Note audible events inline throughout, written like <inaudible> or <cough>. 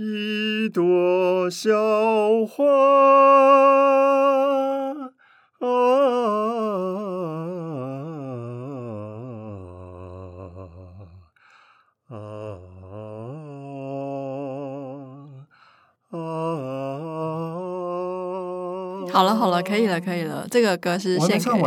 一朵小花啊啊啊啊啊！好了好了，可以了可以了，這個歌是完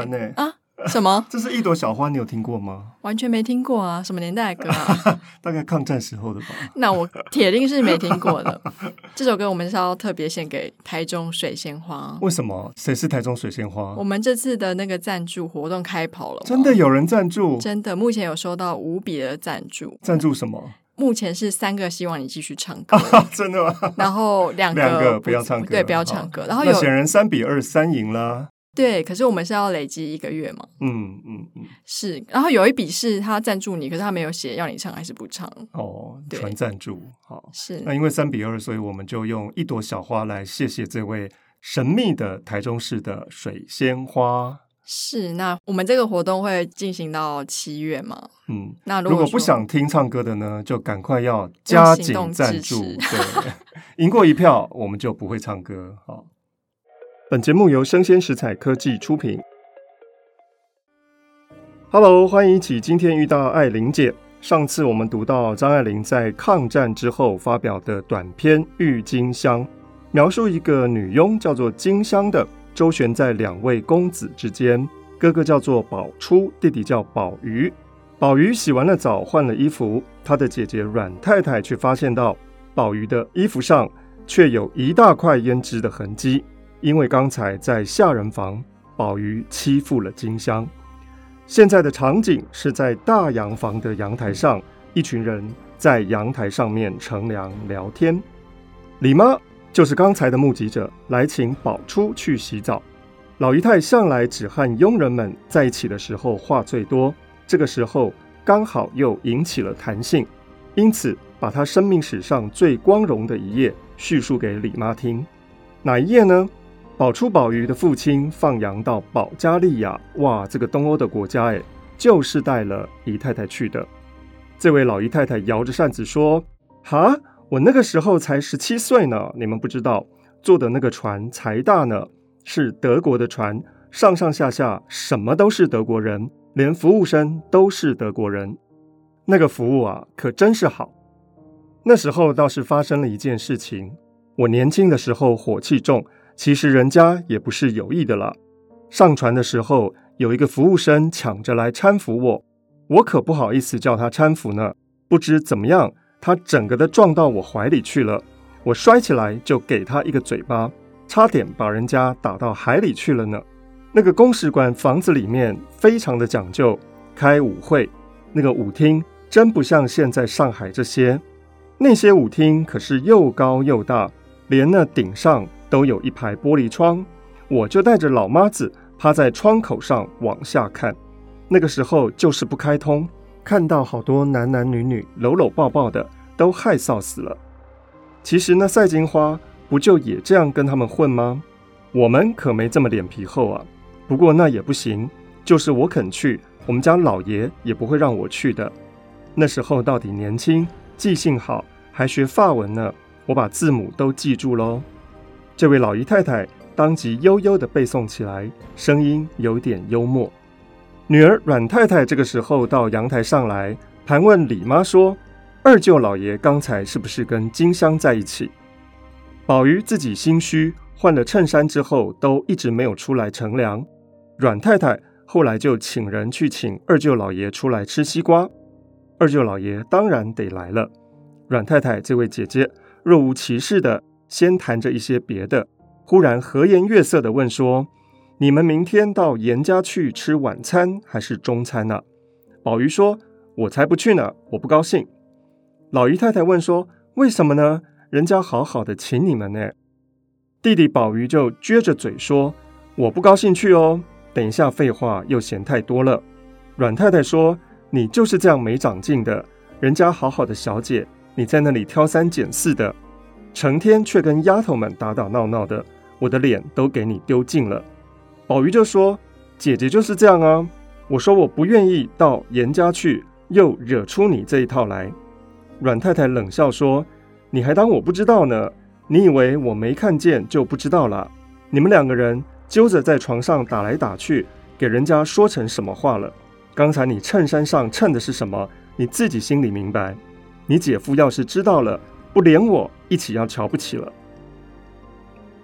給啊。啊啊啊什麼？這是一朵小花，你有聽過嗎？完全沒聽過啊！什麼年代的歌啊？ <laughs> 大概抗戰時候的吧。 <laughs> 那我鐵定是沒聽過的。 <laughs> 這首歌我們是要特別獻給台中水仙花。為什麼？誰是台中水仙花？我們這次的那個贊助活動開跑了。真的有人贊助？真的，目前有收到五筆的贊助。贊助什麼？目前是三個希望你繼續唱歌， <laughs> 真的嗎？然後兩個，兩個不要唱歌，對，不要唱歌。然後有顯然三比二，三贏啦。對，可是我們是要累積一個月嘛。嗯嗯嗯，是。然後有一筆是他贊助你，可是他沒有寫要你唱還是不唱哦？對，全贊助。好，是。那因為三比二，所以我們就用一朵小花來謝謝這位神秘的台中市的水仙花。是。那我們這個活動會進行到七月嘛。嗯，那如果，如果不想聽唱歌的呢，就趕快要加緊贊助。 <laughs> 對，贏過一票我們就不會唱歌。好。本節目由聲鮮時采科技出品。Hello，歡迎一起今天遇道愛玲姐。上次我們讀到張愛玲在抗戰之後發表的短篇《鬱金香》，描述一個女傭叫做金香的周旋在兩位公子之間，哥哥叫做寶初，弟弟叫寶瑜。寶瑜洗完了澡，換了衣服，他的姐姐阮太太卻發現到寶瑜的衣服上卻有一大塊胭脂的痕跡。因為剛才在下人房，寶餘欺負了金香。現在的場景是在大洋房的陽台上，一群人在陽台上面乘涼聊天。李媽就是剛才的目擊者，來請寶初去洗澡。老姨太向來只和傭人們在一起的時候話最多，這個時候剛好又引起了談興，因此把她生命史上最光榮的一頁敘述給李媽聽。哪一頁呢？保出保余的父親放羊到保加利亞，哇，這個東歐的國家誒，就是帶了姨太太去的。這位老姨太太搖着扇子說：“哈，我那個時候才十七歲呢，你們不知道，坐的那個船才大呢，是德國的船，上上下下什麼都是德國人，連服務生都是德國人。那個服務啊，可真是好。那時候倒是發生了一件事情，我年輕的時候火氣重。”其實人家也不是有意的啦。上船的時候，有一個服務生搶着來攙扶我，我可不好意思叫他攙扶呢。不知怎麼樣，他整個的撞到我懷裡去了，我摔起來就給他一個嘴巴，差點把人家打到海裡去了呢。那個公使館房子裡面非常的講究，開舞會，那個舞廳真不像現在上海這些，那些舞廳可是又高又大，連那頂上。都有一排玻璃窗，我就帶着老媽子趴在窗口上往下看。那個時候就是不開通，看到好多男男女女摟摟抱抱的，都害臊死了。其實那賽金花不就也這樣跟他們混嗎？我們可沒這麼臉皮厚啊。不過那也不行，就是我肯去，我們家老爺也不會讓我去的。那時候到底年輕，記性好，還學法文呢，我把字母都記住嘍。這位老姨太太當即悠悠地背誦起來，聲音有點幽默。女兒阮太太這個時候到陽台上來盤問李媽說：“二舅老爺剛才是不是跟金香在一起？”寶餘自己心虛，換了襯衫之後都一直沒有出來乘涼。阮太太後來就請人去請二舅老爺出來吃西瓜，二舅老爺當然得來了。阮太太這位姐姐若無其事的，先談着一些別的，忽然和顏悅色地問說：“你們明天到嚴家去吃晚餐還是中餐呢啊？”寶玉說：“我才不去呢，我不高興。”老姨太太問說：“為什麼呢？人家好好的請你們呢。”弟弟寶玉就撅着嘴說：“我不高興去哦，等一下廢話又嫌太多了。”阮太太說：“你就是這樣沒長進的，人家好好的小姐，你在那裡挑三揀四的。”成天卻跟丫頭們打打鬧鬧的，我的臉都給你丟盡了。寶玉就說：“姐姐就是這樣啊。”我說：“我不願意到嚴家去，又惹出你這一套來。”阮太太冷笑說：“你還當我不知道呢？你以為我沒看見就不知道了？你們兩個人揪着在床上打來打去，給人家說成什麼話了？剛才你襯衫上襯的是什麼？你自己心裡明白。你姐夫要是知道了。”不連我一起要瞧不起了。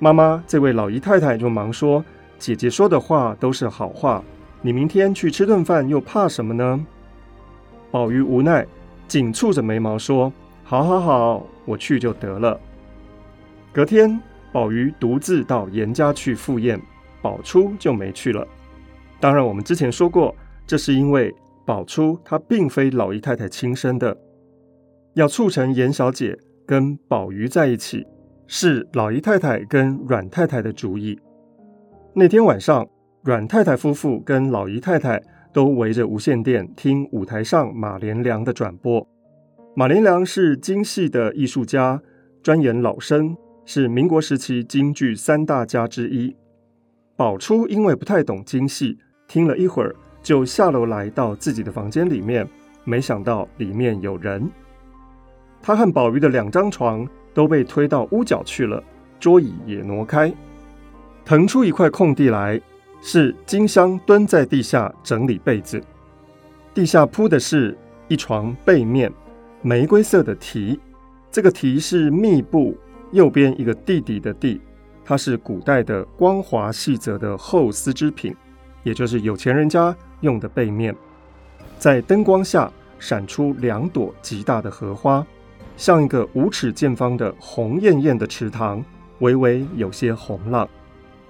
媽媽，這位老姨太太就忙說：“姐姐說的話都是好話，你明天去吃頓飯又怕什麼呢？”寶餘無奈，緊蹙着眉毛說：“好好好，我去就得了。”隔天，寶餘獨自到嚴家去赴宴，寶初就沒去了。當然，我們之前說過，這是因為寶初她並非老姨太太親生的，要促成嚴小姐，跟寶玉在一起是老姨太太跟阮太太的主意。那天晚上，阮太太夫婦跟老姨太太都圍着無線電聽舞台上馬連良的轉播。馬連良是京戲的藝術家，專演老生，是民國時期京劇三大家之一。寶初因為不太懂京戲，聽了一會兒就下樓來到自己的房間裡面，沒想到裡面有人。他和寶玉的兩張床都被推到屋角去了，桌椅也挪開，騰出一塊空地來。是金香蹲在地下整理被子，地下鋪的是一床被面玫瑰色的綈，這個綈是糸部，右邊一個弟弟的弟，它是古代的光滑細則的厚絲織品，也就是有錢人家用的被面，在燈光下閃出兩朵極大的荷花。像一個五尺見方的紅艷艷的池塘，微微有些紅浪，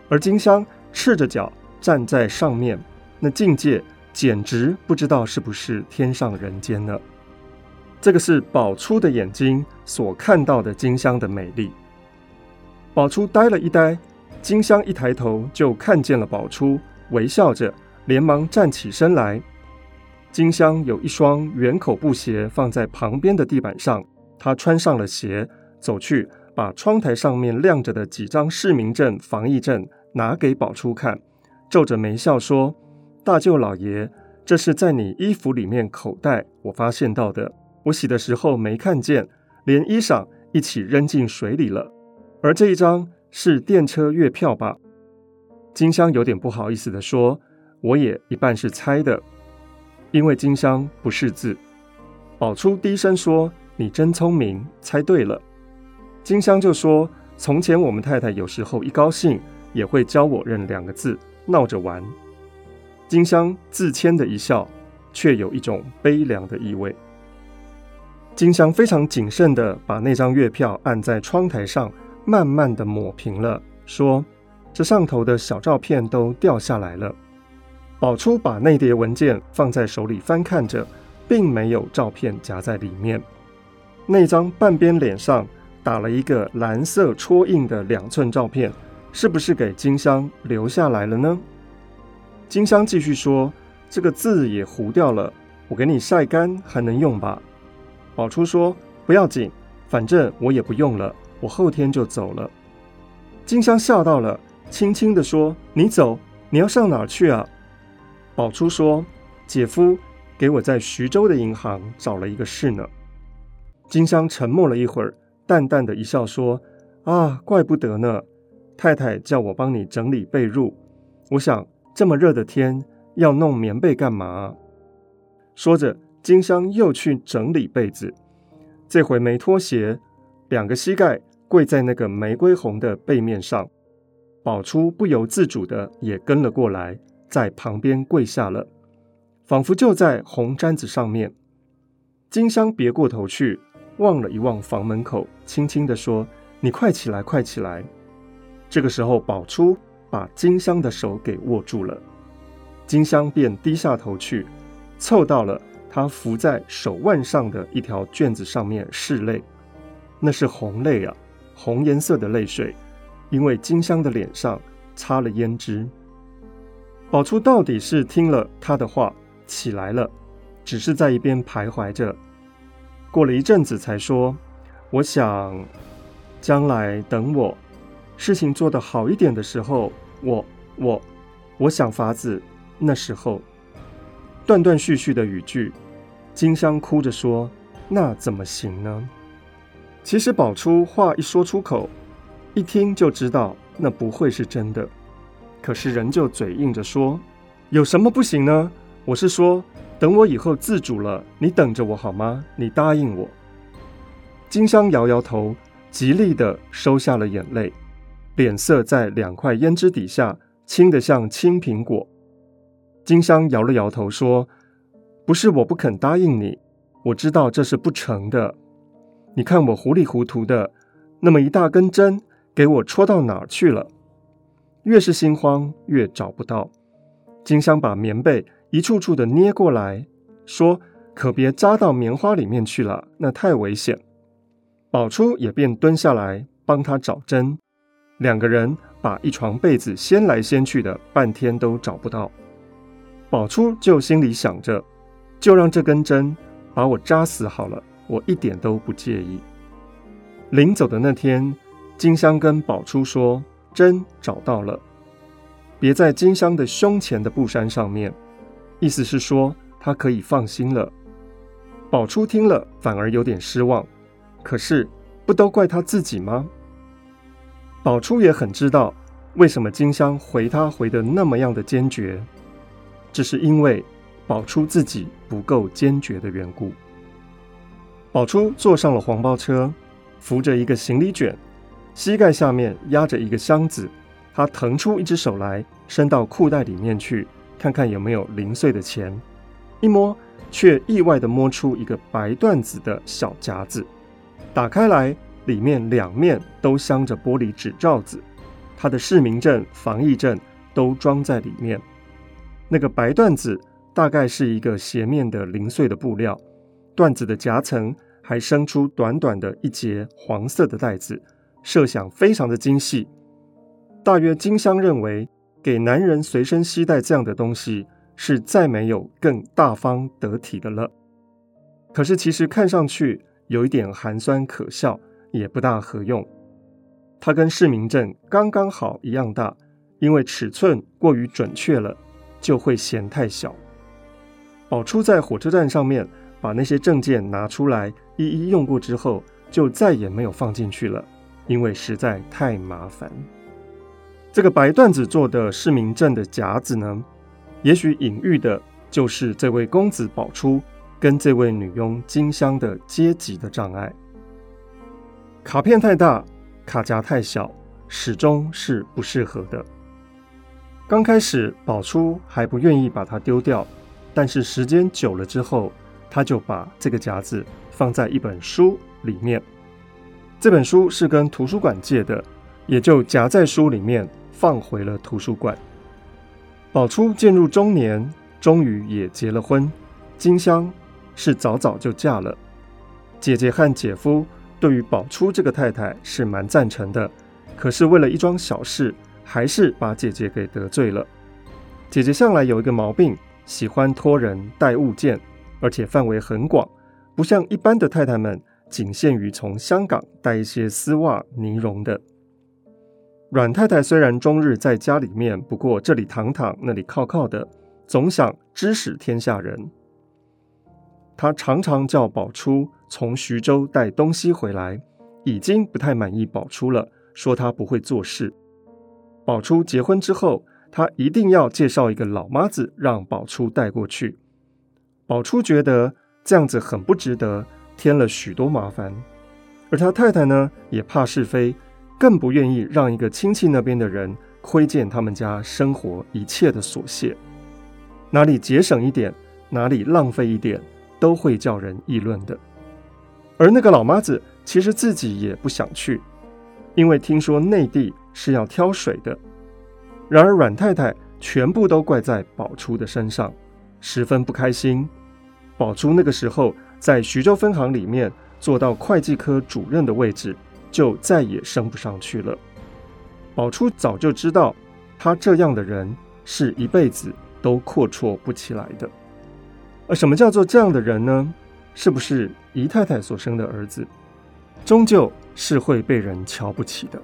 而金香赤着腳站在上面，那境界簡直不知道是不是天上人間呢。這個是寶初的眼睛所看到的金香的美麗。寶初呆了一呆，金香一抬頭就看見了寶初，微笑着，連忙站起身來。金香有一雙圓口布鞋放在旁邊的地板上。他穿上了鞋，走去把窗台上面晾着的幾張市民證、防疫證拿給寶初看，皺着眉笑說：“大舅老爺，這是在你衣服裡面口袋我發現到的，我洗的時候沒看見，連衣裳一起扔進水裡了。而這一張是電車月票吧？”金香有點不好意思地說：“我也一半是猜的，因為金香不識字。”寶初低聲說。你真聰明，猜對了。金香就說：“從前我們太太有時候一高興，也會教我認兩個字，鬧着玩。”金香自謙的一笑，卻有一種悲涼的意味。金香非常謹慎地把那張月票按在窗台上，慢慢地抹平了，說：“這上頭的小照片都掉下來了。”寶初把那疊文件放在手裡翻看着，並沒有照片夾在裡面。那張半邊臉上打了一個藍色戳印的兩寸照片，是不是給金香留下來了呢？金香繼續說：“這個字也糊掉了，我給你曬乾還能用吧？”寶初說：“不要緊，反正我也不用了，我後天就走了。”金香嚇到了，輕輕地說：“你走，你要上哪兒去啊？”寶初說：“姐夫給我在徐州的銀行找了一個事呢。”金香沉默了一會兒，淡淡的一笑說：“啊，怪不得呢。太太叫我幫你整理被褥，我想這麼熱的天要弄棉被幹嘛？”說着，金香又去整理被子，這回沒脫鞋，兩個膝蓋跪在那個玫瑰紅的被面上。寶初不由自主的也跟了過來，在旁邊跪下了，仿佛就在紅氈子上面。金香別過頭去。望了一望房門口，輕輕地說：“你快起來，快起來。”這個時候，寶初把金香的手給握住了，金香便低下頭去，湊到了他伏在手腕上的一條卷子上面拭淚。那是紅淚啊，紅顏色的淚水，因為金香的臉上擦了胭脂。寶初到底是聽了他的話，起來了，只是在一邊徘徊着。過了一陣子，才說：“我想將來等我事情做得好一點的時候，我我我想法子。那時候斷斷續續的語句，金香哭着說：‘那怎麼行呢？’其實寶初話一說出口，一聽就知道那不會是真的。可是人就嘴硬着說：‘有什麼不行呢？’我是說。”等我以後自主了，你等着我好嗎？你答應我。金香搖搖頭，極力地收下了眼淚，臉色在兩塊胭脂底下青得像青蘋果。金香搖了搖頭說：“不是我不肯答應你，我知道這是不成的。你看我糊裡糊塗的，那麼一大根針給我戳到哪兒去了？越是心慌，越找不到。”金香把棉被一處處的捏過來，說：“可別扎到棉花裡面去了，那太危險。”寶初也便蹲下來幫他找針。兩個人把一床被子掀來掀去的，半天都找不到。寶初就心裡想着：“就讓這根針把我扎死好了，我一點都不介意。”臨走的那天，金香跟寶初說：“針找到了，別在金香的胸前的布衫上面。”意思是說，他可以放心了。寶初聽了，反而有點失望。可是，不都怪他自己嗎？寶初也很知道，為什麼金香回他回得那麼樣的堅決，只是因為寶初自己不夠堅決的緣故。寶初坐上了黃包車，扶着一個行李卷，膝蓋下面壓着一個箱子，他騰出一只手來，伸到褲袋裡面去。看看有沒有零碎的錢，一摸卻意外地摸出一個白緞子的小夾子，打開來，裡面兩面都鑲着玻璃紙罩子，它的市民證、防疫證都裝在裡面。那個白緞子大概是一個斜面的零碎的布料，緞子的夾層還生出短短的一截黃色的帶子，設想非常的精細。大約金香認為。給男人隨身攜帶這樣的東西，是再沒有更大方得體的了。可是其實看上去有一點寒酸可笑，也不大合用。它跟市民證剛剛好一樣大，因為尺寸過於準確了，就會嫌太小。寶初在火車站上面把那些證件拿出來一一用過之後，就再也沒有放進去了，因為實在太麻煩。這個白緞子做的市民證的夾子呢，也許隱喻的就是這位公子寶初跟這位女傭金香的階級的障礙。卡片太大，卡夾太小，始終是不適合的。剛開始寶初還不願意把它丟掉，但是時間久了之後，他就把這個夾子放在一本書裡面。這本書是跟圖書館借的。也就夾在書裡面，放回了圖書館。寶初進入中年，終於也結了婚。金香是早早就嫁了。姐姐和姐夫對於寶初這個太太是蠻贊成的，可是為了一樁小事，還是把姐姐給得罪了。姐姐向來有一個毛病，喜歡托人帶物件，而且範圍很廣，不像一般的太太們，僅限於從香港帶一些絲襪、呢絨的。阮太太雖然終日在家裡面，不過這裡躺躺，那裡靠靠的，總想指使天下人。她常常叫寶初從徐州帶東西回來，已經不太滿意寶初了，說他不會做事。寶初結婚之後，她一定要介紹一個老媽子讓寶初帶過去。寶初覺得這樣子很不值得，添了許多麻煩，而他太太呢，也怕是非。更不願意讓一個親戚那邊的人窺見他們家生活一切的瑣屑，哪裡節省一點，哪裡浪費一點，都會叫人議論的。而那個老媽子其實自己也不想去，因為聽說內地是要挑水的。然而阮太太全部都怪在寶初的身上，十分不開心。寶初那個時候在徐州分行裡面做到會計科主任的位置，就再也升不上去了。寶初早就知道，他這樣的人是一輩子都闊綽不起來的。而什麼叫做這樣的人呢？是不是姨太太所生的兒子，終究是會被人瞧不起的？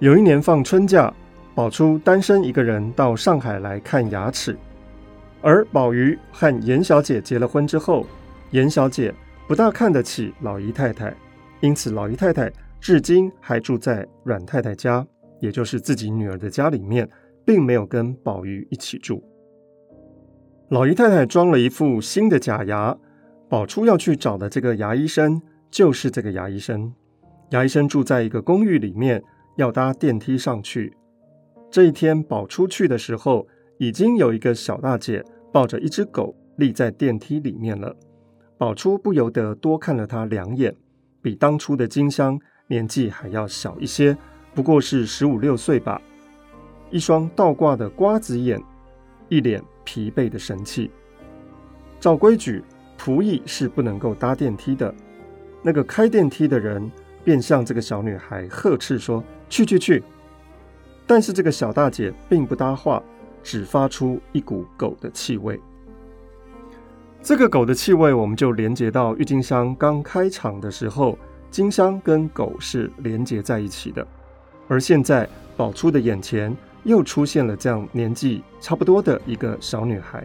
有一年放春假，寶初單身一個人到上海來看牙齒，而寶餘和嚴小姐結了婚之後，嚴小姐不大看得起老姨太太。因此，老姨太太至今還住在阮太太家，也就是自己女兒的家裡面，並沒有跟寶餘一起住。老姨太太裝了一副新的假牙，寶初要去找的這個牙醫生就是這個牙醫生。牙醫生住在一個公寓裡面，要搭電梯上去。這一天，寶初去的時候，已經有一個小大姐抱着一隻狗立在電梯裡面了。寶初不由得多看了她兩眼。比當初的金香年紀還要小一些，不過是十五六歲吧。一雙倒掛的瓜子眼，一臉疲憊的神氣。照規矩，僕役是不能夠搭電梯的。那個開電梯的人便向這個小女孩呵斥說：“去去去！”但是這個小大姐並不搭話，只發出一股狗的氣味。這個狗的氣味，我們就連接到鬱金香。剛開場的時候，金香跟狗是連接在一起的。而現在，寶初的眼前又出現了這樣年紀差不多的一個小女孩。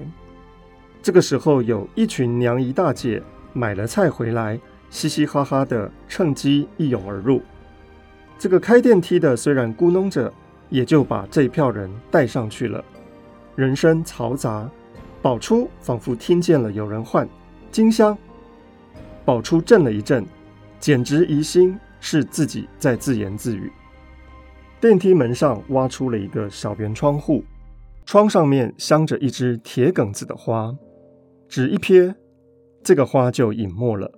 這個時候，有一群娘姨大姐買了菜回來，嘻嘻哈哈的，趁機一擁而入。這個開電梯的雖然咕噥着，也就把這一票人帶上去了。人聲嘈雜。寶初仿佛聽見了有人喚“金香”，寶初怔了一怔，簡直疑心是自己在自言自語。電梯門上挖出了一個小圓窗戶，窗上面鑲着一隻鐵梗子的花，只一瞥，這個花就隱沒了。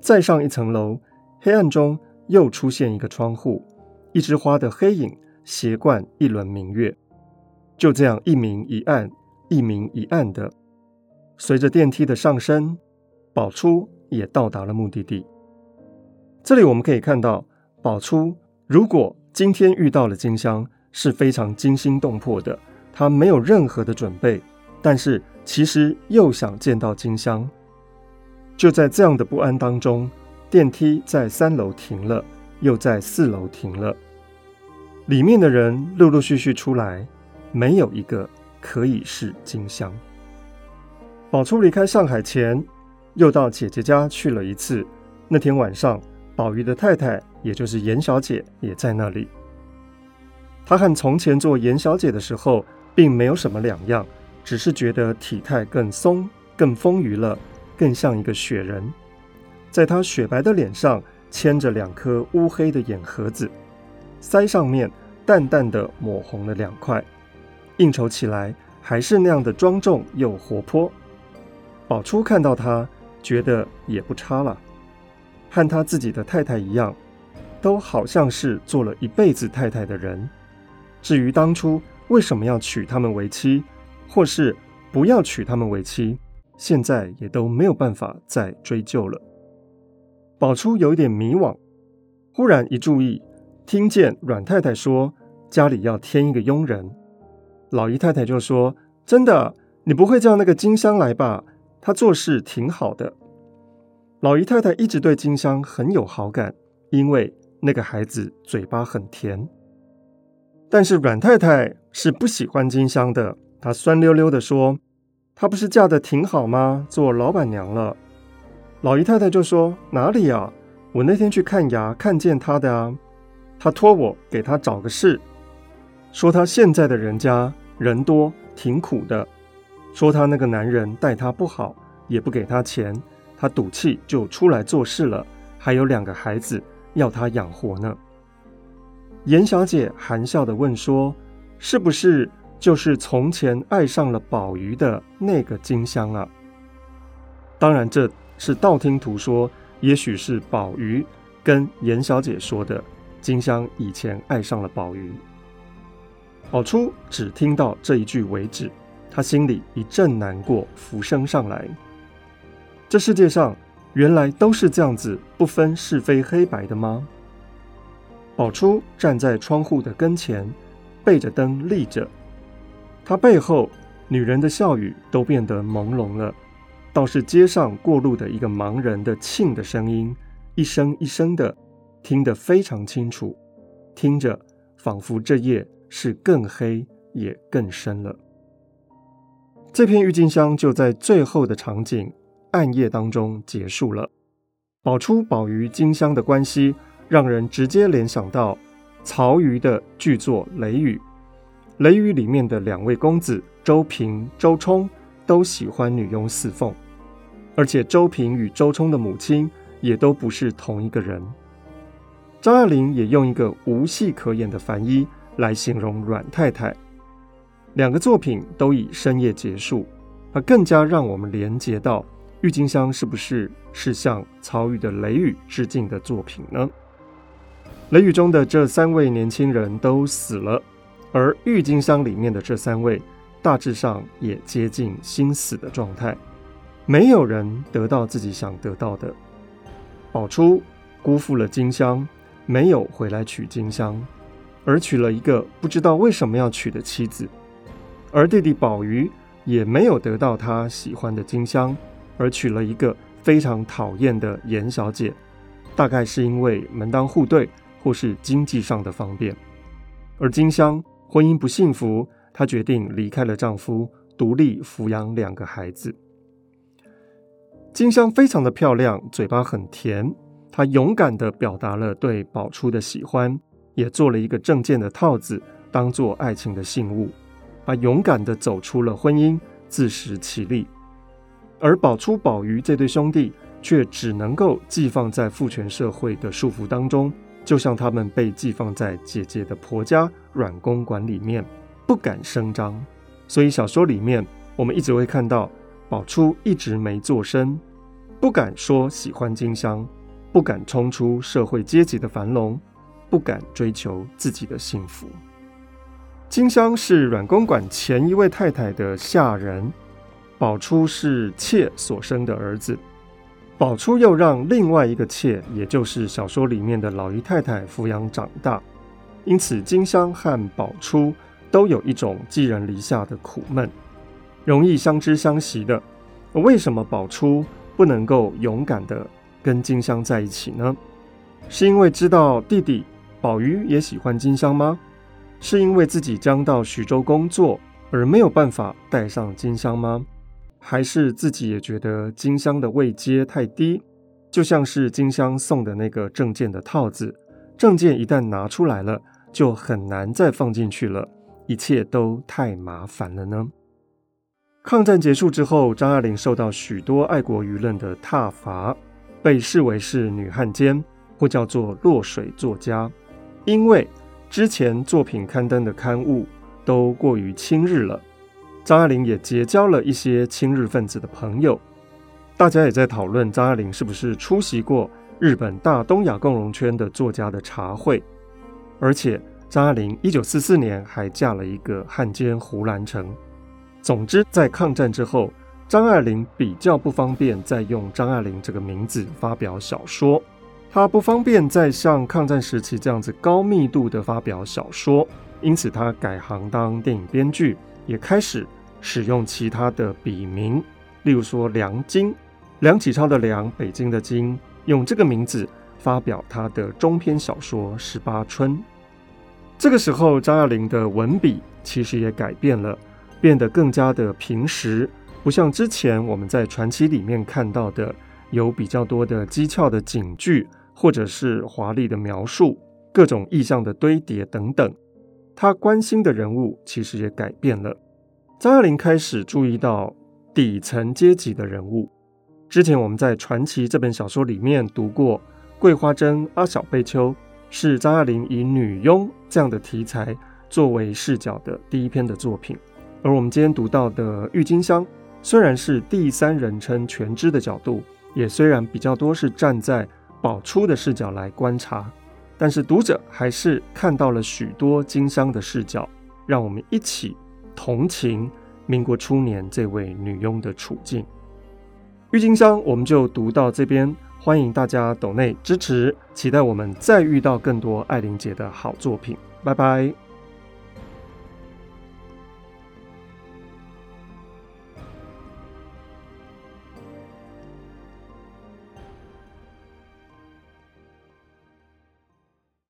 再上一層樓，黑暗中又出現一個窗戶，一枝花的黑影斜貫一輪明月，就這樣一明一暗。一明一暗的，隨着電梯的上升，寶初也到達了目的地。這裡我們可以看到，寶初如果今天遇到了金香，是非常驚心動魄的。他沒有任何的準備，但是其實又想見到金香。就在這樣的不安當中，電梯在三樓停了，又在四樓停了。裡面的人陸陸續續出來，沒有一個可以是金香。寶初離開上海前，又到姐姐家去了一次。那天晚上，寶餘的太太，也就是嚴小姐，也在那裡。她和從前做嚴小姐的時候，並沒有什麼兩樣，只是覺得體態更鬆、更豐腴了，更像一個雪人。在她雪白的臉上，嵌着兩顆烏黑的眼盒子，腮上面淡淡的抹紅了兩塊。應酬起來還是那樣的莊重又活潑，寶初看到他，覺得也不差了，和他自己的太太一樣，都好像是做了一輩子太太的人。至於當初為什麼要娶他們為妻，或是不要娶他們為妻，現在也都沒有辦法再追究了。寶初有一點迷惘，忽然一注意，聽見阮太太說家裡要添一個傭人。老姨太太就說：“真的，你不會叫那個金香來吧？她做事挺好的。老姨太太一直對金香很有好感，因為那個孩子嘴巴很甜。但是阮太太是不喜歡金香的，她酸溜溜地說：‘她不是嫁得挺好嗎？做老闆娘了。’老姨太太就說：‘哪裡呀，我那天去看牙，看見她的啊。她托我給她找個事。’”說她現在的人家人多挺苦的，說她那個男人待她不好，也不給她錢，她賭氣就出來做事了，還有兩個孩子要她養活呢。嚴小姐含笑地問說：“是不是就是從前愛上了寶玉的那個金香啊？”當然這是道聽途說，也許是寶玉跟嚴小姐說的，金香以前愛上了寶玉。寶初只聽到這一句為止，他心裡一陣難過浮升上來。這世界上原來都是這樣子，不分是非黑白的嗎？寶初站在窗戶的跟前，背着燈立着，他背後女人的笑語都變得朦朧了，倒是街上過路的一個盲人的磬的聲音，一聲一聲的，聽得非常清楚，聽着仿佛這夜。是更黑也更深了，這篇鬱金香就在最後的場景暗夜當中結束了。寶初寶餘金香的關係，讓人直接聯想到曹禺的劇作《雷雨》。《雷雨》裡面的兩位公子周平、周沖都喜歡女傭四鳳，而且周平與周沖的母親也都不是同一個人。張愛玲也用一個無戲可演的繁漪，來形容阮太太，兩個作品都以深夜結束，而更加讓我們聯結到《鬱金香》是不是是向曹禺的《雷雨》致敬的作品呢？《雷雨》中的這三位年輕人都死了，而《鬱金香》裡面的這三位大致上也接近心死的狀態，沒有人得到自己想得到的。寶初辜負了金香，沒有回來娶金香。而娶了一個不知道為什麼要娶的妻子，而弟弟寶餘也沒有得到他喜歡的金香，而娶了一個非常討厭的嚴小姐，大概是因為門當戶對或是經濟上的方便。而金香婚姻不幸福，她決定離開了丈夫，獨立撫養兩個孩子。金香非常的漂亮，嘴巴很甜，她勇敢的表達了對寶初的喜歡，也做了一個證件的套子，當做愛情的信物，而勇敢的走出了婚姻，自食其力。而寶初、寶餘這對兄弟卻只能夠寄放在父權社會的束縛當中，就像他們被寄放在姐姐的婆家阮公館裡面，不敢聲張。所以小說裡面，我們一直會看到寶初一直沒作聲，不敢說喜歡金香，不敢衝出社會階級的樊籠。不敢追求自己的幸福。金香是阮公館前一位太太的下人，寶初是妾所生的兒子，寶初又讓另外一個妾，也就是小說裡面的老姨太太撫養長大，因此金香和寶初都有一種寄人籬下的苦悶，容易相知相惜的。為什麼寶初不能夠勇敢地跟金香在一起呢？是因為知道弟弟。寶餘也喜歡金香嗎？是因為自己將到徐州工作而沒有辦法帶上金香嗎？還是自己也覺得金香的位階太低？就像是金香送的那個證件的套子，證件一旦拿出來了，就很難再放進去了，一切都太麻煩了呢。抗戰結束之後，張愛玲受到許多愛國輿論的撻伐，被視為是女漢奸，或叫做落水作家。因為之前作品刊登的刊物都過於親日了，張愛玲也結交了一些親日分子的朋友，大家也在討論張愛玲是不是出席過日本大東亞共榮圈的作家的茶會，而且張愛玲一九四四年還嫁了一個漢奸胡蘭成。總之，在抗戰之後，張愛玲比較不方便再用張愛玲這個名字發表小說。他不方便再像抗戰時期這樣子高密度的發表小說，因此他改行當電影編劇，也開始使用其他的筆名，例如說梁京、梁啟超的梁、北京的京，用這個名字發表他的中篇小說《十八春》。這個時候，張愛玲的文筆其實也改變了，變得更加的平實，不像之前我們在傳奇裡面看到的，有比較多的機巧的警句。或者是華麗的描述，各種意象的堆疊等等，他關心的人物其實也改變了。張愛玲開始注意到底層階級的人物。之前我們在《傳奇》這本小說裡面讀過，《桂花蒸阿小悲秋》是張愛玲以女傭這樣的題材作為視角的第一篇的作品。而我們今天讀到的《鬱金香》，雖然是第三人稱全知的角度，也雖然比較多是站在寶初的視角來觀察，但是讀者還是看到了許多經商的視角，讓我們一起同情民國初年這位女傭的處境。鬱金香，我們就讀到這邊，歡迎大家斗內支持，期待我們再遇到更多愛玲姐的好作品。拜拜。